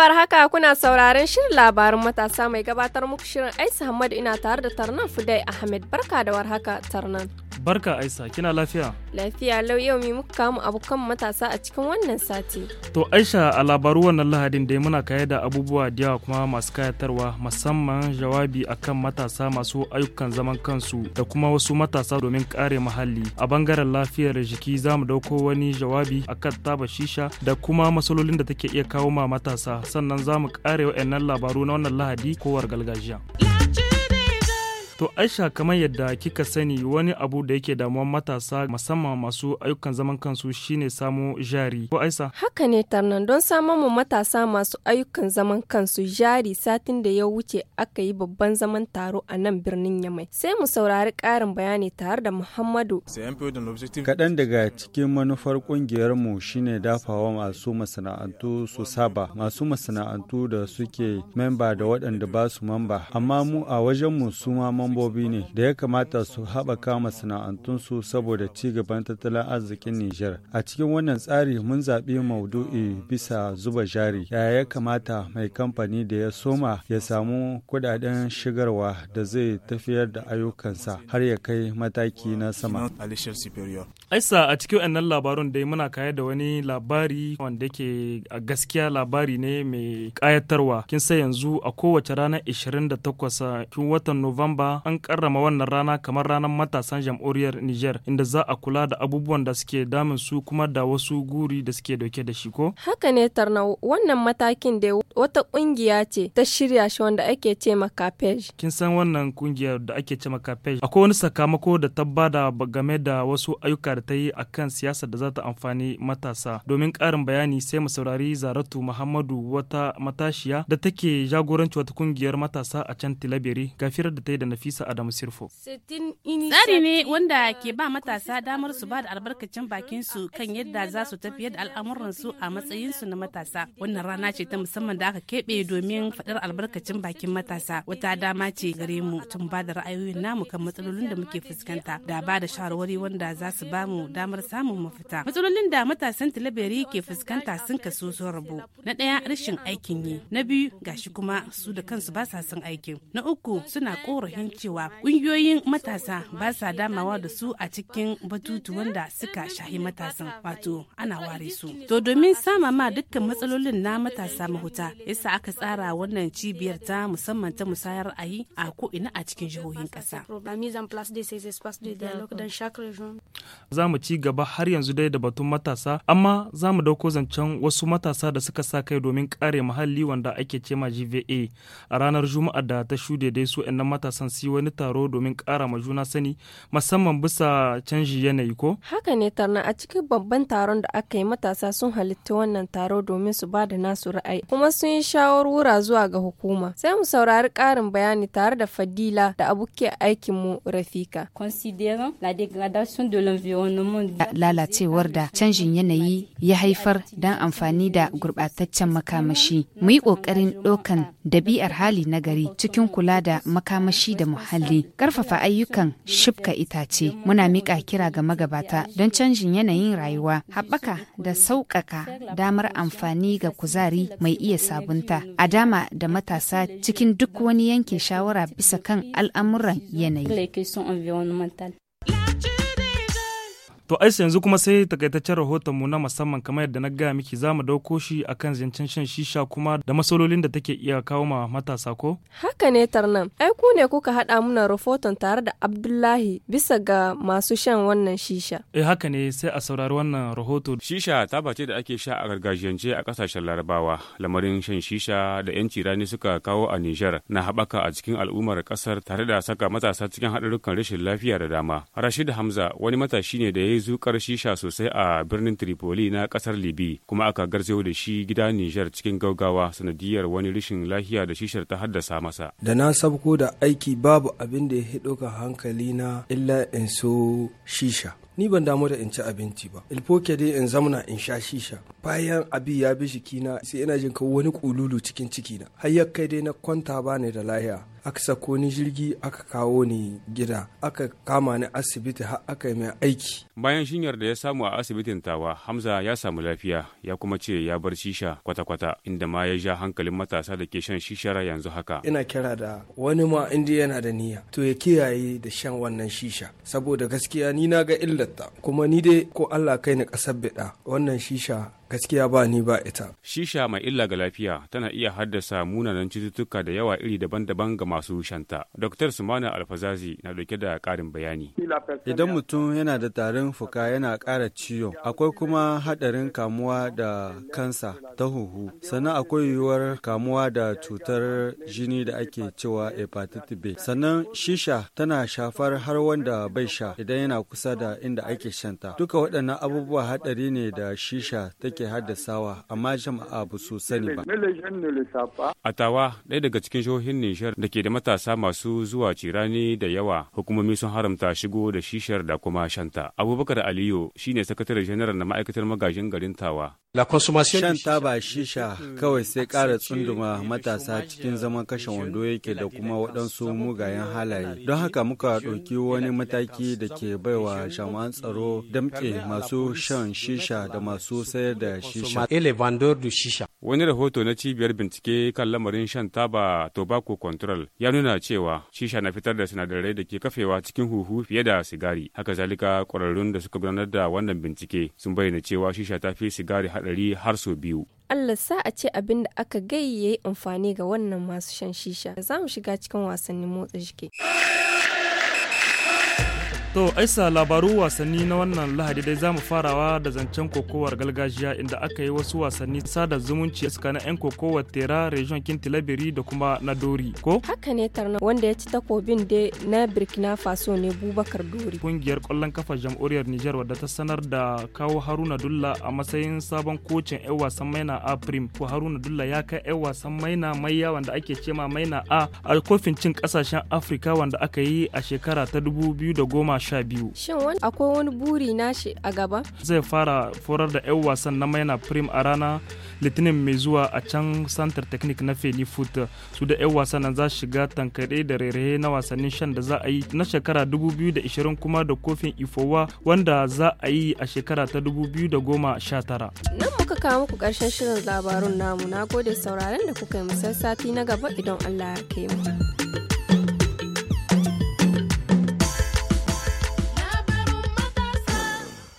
war haka kuna sauraron shirin labarin matasa mai gabatar muku shirin Aisha hamadu ina tare da Tarnan Fudai Ahmed. Barka da war haka Tarnan. Barka Aisa, kina lafiya? Lafiya lau yau mai muka kamu abokan matasa a cikin wannan sati. To Aisha a labaru wannan lahadin dai muna kayar da abubuwa da yawa kuma masu kayatarwa musamman jawabi akan matasa masu ayyukan zaman kansu da kuma wasu matasa domin kare muhalli. A bangaren lafiyar jiki za mu dauko wani jawabi akan taba shisha da kuma matsalolin da take iya kawo ma matasa sannan za mu kare wa'annan labaru na wannan lahadi kowar gargajiya. To Aisha kamar yadda kika sani wani abu da yake damuwar matasa musamman masu ayyukan zaman kansu shine samo jari. Ko Aisha? Haka ne tarnan don samun mu matasa masu ayyukan zaman kansu jari satin da ya wuce aka yi babban zaman taro a nan birnin Yamai. Sai mu saurari ƙarin bayani tare da Muhammadu. Kaɗan daga cikin manufar ƙungiyar mu shine dafawa masu masana'antu su saba masu masana'antu da suke memba da waɗanda ba su mamba amma mu a wajen mu su ma mambobi ne da ya kamata su haɓaka masana'antunsu saboda ci gaban tattalin arzikin Nijar. A cikin wannan tsari mun zaɓi maudu'i bisa zuba jari. Yaya ya kamata mai kamfani da ya soma ya samu kuɗaɗen shigarwa da zai tafiyar da ayyukansa har ya kai mataki na sama. Aisa a cikin wannan labarun dai muna kaya da wani labari wanda ke a gaskiya labari ne mai ƙayatarwa. Kin sai yanzu a kowace ranar 28 kin watan Nuwamba an karrama wannan rana kamar ranar matasan jam'uriyar Niger inda za a kula da abubuwan da suke damun su kuma da wasu guri da suke dauke da shi ko? Haka ne Tarnau wannan matakin da wata kungiya ce ta shirya shi wanda ake ce makapej. Kin san wannan kungiyar da ake ce makapej akwai wani sakamako da ta bada game da wasu ayyuka da ta yi a kan siyasa da za ta amfani matasa. Domin ƙarin bayani sai mu saurari Zaratu Muhammadu wata matashiya da take jagoranci wata kungiyar matasa a can Tilabiri gafirar da ta yi da nafi Nafisa Adamu Sirfo. Tsari ne wanda ke ba matasa damar su ba da albarkacin bakin su kan yadda za su tafiyar da al'amuran su a matsayin su na matasa. Wannan rana ce ta musamman da aka keɓe domin faɗar albarkacin bakin matasa. Wata dama ce gare mu tun ba da ra'ayoyin namu kan matsalolin da muke fuskanta da ba da shawarwari wanda za su ba mu damar samun mafita. Matsalolin da matasan Tilaberi ke fuskanta sun kaso sun rabu. Na ɗaya rashin aikin yi, na biyu gashi kuma su da kansu ba sa son aikin, na uku suna korafin cewa ƙungiyoyin matasa ba sa damawa da su a cikin batutu wanda suka shahi matasan wato ana ware su. To domin sama ma dukkan matsalolin na matasa mahuta yasa aka tsara wannan cibiyar ta musamman ta musayar ayi a ko ina a cikin jihohin ƙasa. Za mu ci gaba har yanzu dai da batun matasa amma za mu dauko zancen wasu matasa da suka sa kai domin kare muhalli wanda ake cema GVA a ranar Juma'a da ta shude dai su 'yan matasan su yi wani taro domin kara ma juna sani musamman bisa canji yanayi ko? Haka ne tarna a cikin babban taron da aka yi matasa sun halitta wannan taro domin su ba da nasu ra'ayi kuma sun yi shawarwura zuwa ga hukuma. Sai mu saurari ƙarin bayani tare da Fadila da aikin mu Rafika. Lalacewar da canjin yanayi ya haifar don amfani da gurɓataccen makamashi. Mu yi ƙoƙarin ɗaukan dabi'ar hali na gari cikin kula da makamashi da muhalli, ƙarfafa ayyukan shibka itace. Muna miƙa kira ga magabata don canjin yanayin rayuwa, haɓaka da sauƙaƙa damar amfani ga kuzari mai iya sabunta, a dama da matasa cikin duk wani yanke shawara bisa kan al'amuran yanayi. To ai yanzu kuma sai takaitaccen mu na musamman kamar yadda na gaya miki za mu dauko shi akan zancen shan shisha kuma da masololin da take iya kawo ma matasa ko? Haka ne tarnan. Ai ku ne kuka haɗa muna rahoton tare da Abdullahi bisa ga masu shan wannan shisha. Eh haka ne sai a saurari wannan rahoton. Shisha taba ce da ake sha a gargajiyance a kasashen Larabawa. Lamarin shan shisha da 'yanci rani suka kawo a Nijar na haɓaka a cikin al'ummar ƙasar tare da saka matasa cikin haɗarukan rashin lafiya da dama. Rashid Hamza wani matashi ne da ya zukar shisha sosai a birnin Tripoli na kasar Libi kuma aka garzayo da shi gida Nijar cikin gaugawa sanadiyar wani rashin lafiya da shishar ta haddasa masa. Da na sabko da aiki babu abin da ya ka hankali na illa in so shisha. ni ban damu da in ci abinci ba ilfoke dai in zamna in sha shisha bayan abi ya bi kina sai ina jin ka wani kululu cikin ciki na har ya kai dai na kwanta bani da lahiya aka sako ni jirgi aka kawo ni gida aka kama ni asibiti har aka yi mai aiki bayan shinyar da ya samu a asibitin tawa hamza ya samu lafiya ya kuma ce ya bar shisha kwata-kwata inda ma ya ja hankalin matasa da ke shan shishar yanzu haka ina kira da wani ma inda yana da niyya to ya kiyaye da shan wannan shisha saboda gaskiya ni na ga illarta kuma ni dai ko allah kai ni kasar biɗa wannan shisha gaskiya ba ni ba ita. Shisha mai illa ga lafiya tana iya haddasa munanan cututtuka da yawa iri daban-daban ga masu shanta. Dr. Sumana Alfazazi na dauke da karin bayani. Idan mutum yana da tarin fuka yana ƙara ciwo, akwai kuma haɗarin kamuwa da kansa ta huhu, sannan akwai yiwuwar kamuwa da cutar jini da ake cewa hepatitis B. Sannan shisha tana shafar har wanda bai sha idan yana kusa da inda ake shanta. Duka waɗannan abubuwa haɗari ne da shisha take ke haddasawa amma jama'a ba su sani ba. A tawa ɗaya daga cikin shohin Nijar da ke da matasa masu zuwa cirani da yawa hukumomi sun haramta shigo da shishar da kuma shanta. Abubakar Aliyu ne sakataren janar na ma'aikatar magajin garin Tawa. Shan taba shisha kawai sai kara tsunduma matasa cikin zaman kashe wando yake da kuma waɗansu mugayen halaye. Don haka muka ɗauki wani mataki da ke baiwa jama'an tsaro damke masu shan shisha da masu sayar da Eh, shisha vendeur du shisha wani rahoto na cibiyar bincike kan lamarin shan taba tobacco control ya nuna cewa shisha na fitar da sinadarai da ke kafewa cikin huhu fiye da sigari haka zalika kwararrun da suka gudanar da wannan bincike sun bayyana cewa shisha ta fi sigari haɗari har sau biyu Allah sa a ce abin da aka gai amfani ga wannan masu shan shisha za mu shiga cikin wasannin motsa jiki To aisa labaru wasanni na wannan lahadi dai zamu farawa da zancen kokowar galgajiya inda aka yi wasu wasanni sada zumunci iska na 'yan kokowar tera region kintilabiri da kuma na dori ko? Haka ne tarna wanda ya ci takobin da na burkina faso ne bubakar dori. Kungiyar kwallon kafa jam'uriyar Nijar wadda ta sanar da kawo Haruna Dulla a matsayin sabon kocin 'yan wasan maina a prim ko Haruna Dulla ya kai 'yan wasan maina maiya wanda ake cema maina a a kofin cin kasashen Afirka wanda aka yi a shekara ta da goma. sha biyu. Shin akwai wani buri nashi a gaba? Zai fara forar da 'yan wasan na maina prim a rana litinin mai zuwa a can santar technique na feli foot su da 'yan wasan nan za su shiga tankaɗe da rairaye na wasannin shan da za a yi na shekara 2020 kuma da kofin ifowa wanda za a yi a shekara ta 2019. Nan muka kawo muku karshen shirin labarun namu na gode sauraron da kuka yi sati na gaba idan Allah ya kai mu.